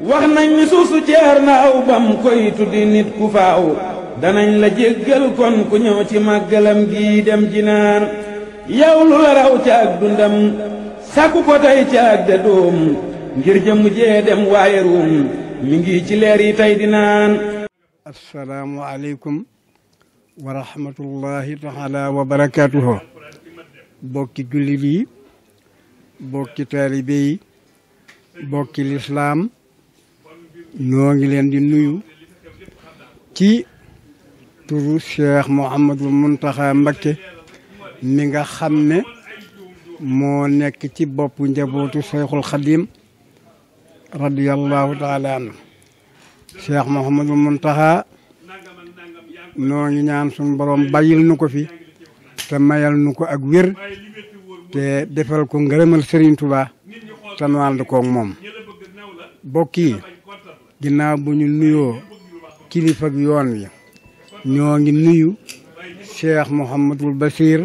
wax nañ ni suuf su jeer na aw bam koy tuddi nit ku faaw danañ la jéggal kon ku ñëw ci màggalam gii dem jinaan yow lu la raw ca dundam sàkku ko tey ca de doom ngir jëmu jee dem waaye ruum mi ngi ci leer yi tey di naan asalaamu aleykum wa rahmatullahi taala wa barakaatuhu bokki jullit bokki taalibe bokki lislaam noo ngi leen di nuyu ci turu Cheikh Mouhamadou Mountakha Mbacké mi nga xam ne moo nekk ci boppu njabootu Cheikhul Khadim radiyallahu taala anhu Cheikh Mouhamadou Mountakha noo ngi ñaan suñu borom nu ko fi te mayal nu ko ak wér te defal ko ngërëmal Serigne Touba te nu ànd koog moom bokk yi ginnaaw bu ñu nuyoo kilifa yoon wi ñoo ngi nuyu cheikh Mouhamadul Basir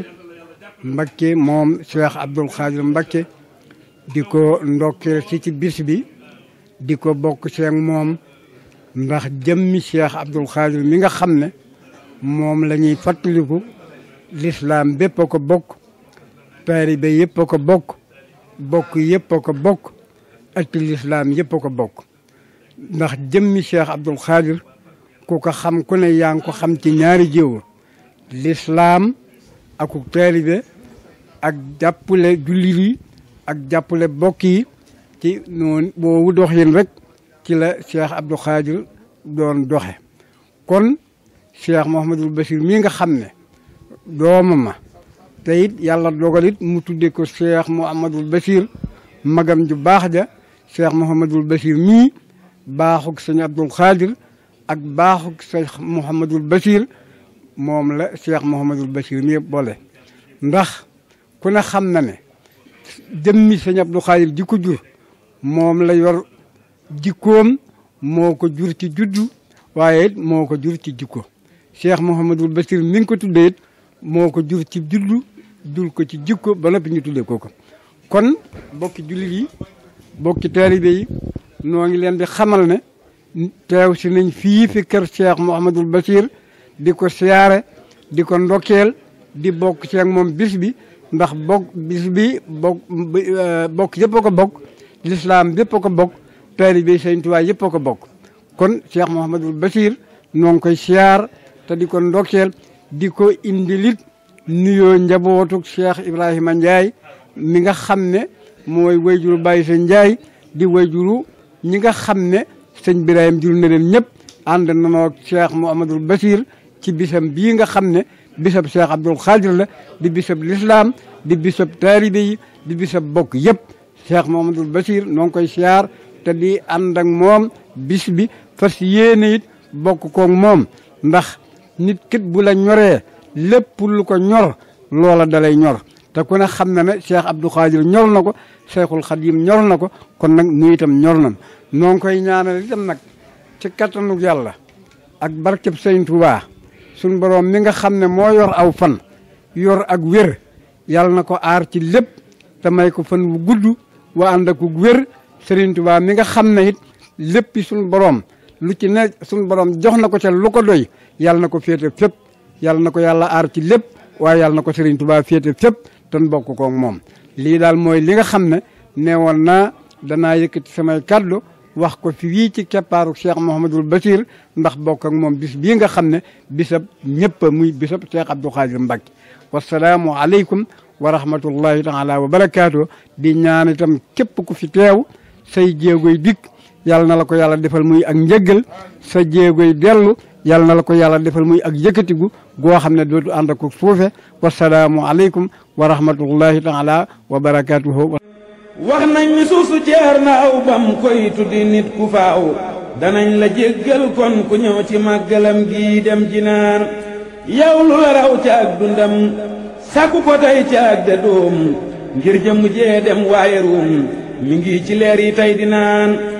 Mbakke moom cheikh Abdoul Khadir Mbakke di ko ndokkeel si ci bis bi di ko bokk seeg moom ndax jëmmi cheikh Abdoul Khadir mi nga xam ne moom lañuy ñuy fàttaliku lislaam bépp a ko bokk taaribe yëpp a ko bokk bokk yëpp ko bokk ak lislaam yëpp a ko bokk ndax jëmmi Cheikh Abdoul Khadir ku ko xam ku ne yaa xam ci ñaari jiw lislaam aku taalibe ak jàppale jullit yi ak jàppale bokk yi ci noonu boobu dox rek ci la Cheikh Abdoul Khadir doon doxe kon Cheikh Mouhamadul Bachir mii nga xam ne dooma ma te yàlla dogalit mu tudde ko Cheikh Mouhamadul Bachir magam ju baax ja Cheikh Mouhamadul Bachir mii baaxuk sëñ Abdul Xaadir ak baaxug Cheikh Mouhamadul Bachir moom la Cheikh Mouhamadul Bachir mi boole ndax ku ne xam na ne jëmmi sëñ Abdul Xaadir di jur moom la yor jikkoom moo ko jur ci juddu waaye it moo ko jur ci jikko Cheikh Mouhamadul Bachir mi ngi ko tuddee it moo ko jur ci juddu jur ko ci jikko ba noppi ñu tuddee ko ko kon bokki jullit yi bokki taalibe yi noo ngi leen di xamal ne teew si nañ fii fi kër Cheikh Mouhamadul Bachir di ko siyaare di ko ndokkeel di bokk ceeg moom bis bi ndax bokk bis bi bokk euh, bokk lislaam yëpp a bokk taalibe Sëriñ Tuubaa ko bokk kon Cheikh Mouhamadul Bachir noo ngi koy siyaar te di ko ndokkeel di ko indilit nuyoo njabootu Cheikh Ibrahima Ndiaye mi nga xam ne mooy wayjuru Baye Sëñ Ndiaye di wayjuru ñi nga xam ne sëñ Birahim jur na leen ñëpp ànd nanoo Cheikh Mouhamadul Basir ci bisam bii nga xam ne bisab Cheikh Abdoul Khadir la di bisab lislaam di bisab taaribe yi di bisab bokk yëpp Cheikh Mouhamadul Basir noo ngi koy siyaar te di ànd ak moom bis bi fas yéene it bokk koog moom ndax nit kit bu la ñoree lépp lu ko ñor loola dalay ñor te ku ne xam na ne Cheikh Abdou Khadir ñor na ko xat yim ñor na ko kon nag nu itam ñor na noo ngi koy ñaanal itam nag ci kattanu yàlla ak barkeb Sëriñ Tuubaa suñ boroom mi nga xam ne moo yor aw fan yor ak wér yàlla na ko aar ci lépp te may ko fan wu gudd wa ànd ak wér Sëriñ tubaa mi nga xam ne it léppi suñ boroom lu ci ne suñ borom jox na ko ca lu ko doy yàlla na ko féete fépp yàlla na ko yàlla aar ci lépp waaye yàlla ko Sëriñ Tuubaa féete fépp ten bokk koog moom lii daal mooy li nga xam ne neewoon naa danaa yëkkati samay kàddu wax ko fii ci keppaaru Cheikh Mouhamadul Bachir ndax bokk ak moom bis bii nga xam ne bisab ñëpp muy bisab Cheikh Abdou Khadir Mbacke wasalaamu aleykum wa rahmatullahi taala wa barakaatu di ñaan itam képp ku fi teew say jéegoy dikk yàlla na la ko yàlla defal muy ak njëggal sa jéegoy dellu yàlla na la ko yàlla defal muy ak yëkkatigu goo xam ne dootu ànd ak suufe wasalaamu aleykum wa rahmatullahi taala wa barakaatuhu wax nañ ni suuf ceer na aw bam koy tuddi nit ku faaw danañ la jéggal kon ku ñëw ci màggalam gii dem ji yow lu la raw ca ak dundam sàkku ko tey ca ak de ngir jëmm jee dem waaye ruum mi ngi ci leer yi di naan